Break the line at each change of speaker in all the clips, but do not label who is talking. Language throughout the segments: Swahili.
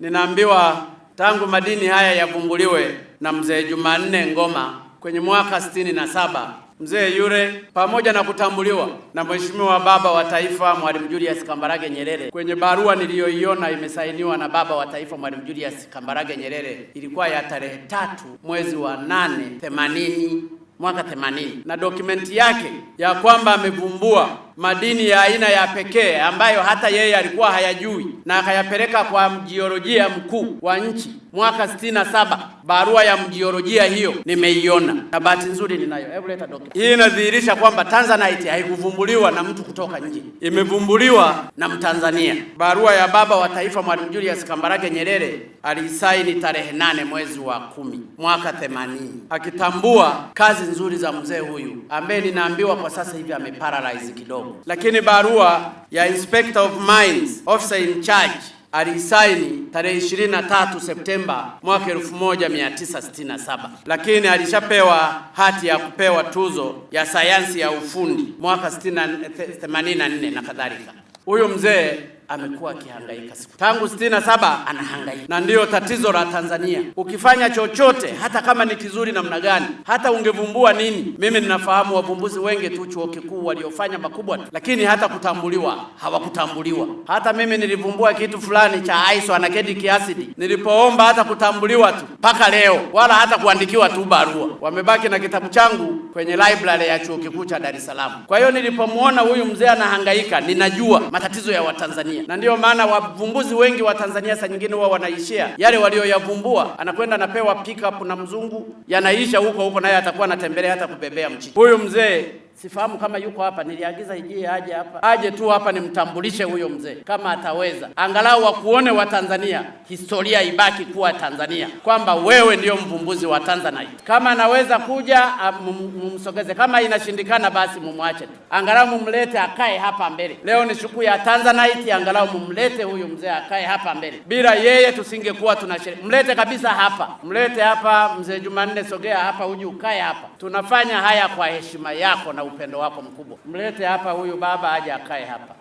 Ninaambiwa tangu madini haya yavumbuliwe na mzee Jumanne Ngoma kwenye mwaka sitini na saba mzee yule pamoja na kutambuliwa na Mheshimiwa Baba wa Taifa Mwalimu Julius Kambarage Nyerere kwenye barua niliyoiona imesainiwa na Baba wa Taifa Mwalimu Julius Kambarage Nyerere ilikuwa ya tarehe tatu mwezi wa nane themanini mwaka themanini na dokumenti yake ya kwamba amevumbua madini ya aina ya pekee ambayo hata yeye alikuwa hayajui na akayapeleka kwa mjiolojia mkuu wa nchi mwaka sitini na saba. Barua ya mjiolojia hiyo nimeiona na bahati nzuri ninayo. Hebu leta hii. Inadhihirisha kwamba Tanzanite haikuvumbuliwa na mtu kutoka nje, imevumbuliwa na Mtanzania. Barua ya baba wa taifa Mwalimu Julius Kambarage Nyerere alisaini tarehe nane mwezi wa kumi mwaka themanini akitambua kazi nzuri za mzee huyu ambaye ninaambiwa kwa sasa hivi ameparalyze kidogo lakini barua ya Inspector of Mines officer in charge alisaini tarehe 23 Septemba mwaka 1967, lakini alishapewa hati ya kupewa tuzo ya sayansi ya ufundi mwaka 84 eh, na kadhalika. Huyu mzee amekuwa akihangaika siku tangu sitini na saba anahangaika, na ndiyo tatizo la Tanzania. Ukifanya chochote hata kama ni kizuri namna gani, hata ungevumbua nini, mimi ninafahamu wavumbuzi wengi tu chuo kikuu waliofanya makubwa tu, lakini hata kutambuliwa hawakutambuliwa. Hata mimi nilivumbua kitu fulani cha anakedi kiasidi nilipoomba hata kutambuliwa tu mpaka leo, wala hata kuandikiwa tu barua, wamebaki na kitabu changu kwenye library ya chuo kikuu cha Dar es Salaam. Kwa hiyo nilipomwona huyu mzee anahangaika, ninajua matatizo ya Watanzania na ndiyo maana wavumbuzi wengi wa Tanzania saa nyingine huwa wanaishia yale walioyavumbua, anakwenda anapewa pick up na mzungu, yanaisha huko huko, naye atakuwa anatembelea hata kubebea mchicha. Huyu mzee sifahamu kama yuko hapa, niliagiza ijie aje hapa, aje tu hapa nimtambulishe huyo mzee kama ataweza, angalau wakuone tanzania historia ibaki kuwa Tanzania, kwamba wewe ndiyo mvumbuzi wa Tanzanite. Kama anaweza kuja mumsogeze, kama inashindikana basi mumwache tu, angalau mumlete akae hapa mbele. Leo ni siku ya Tanzanite, angalau mumlete huyu mzee akae hapa mbele. Bila yeye tusingekuwa tunasherehekea. Mlete kabisa hapa, mlete hapa. Mzee Jumanne, sogea hapa, uje ukae hapa. Tunafanya haya kwa heshima yako na na upendo wako mkubwa. Mlete hapa huyu baba aje akae hapa.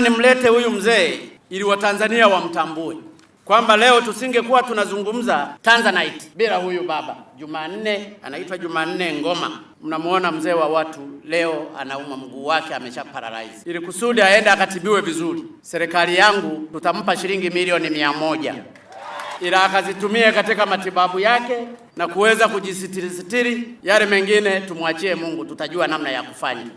Nimlete huyu mzee ili Watanzania wamtambue kwamba leo tusingekuwa tunazungumza Tanzanite bila huyu baba Jumanne. Anaitwa Jumanne Ngoma. Mnamuona mzee wa watu leo anauma mguu wake, amesha paralyze. Ili kusudi aende akatibiwe vizuri, serikali yangu tutampa shilingi milioni mia moja ila akazitumie katika matibabu yake na kuweza kujisitiri sitiri. Yale mengine tumwachie Mungu, tutajua namna ya kufanya.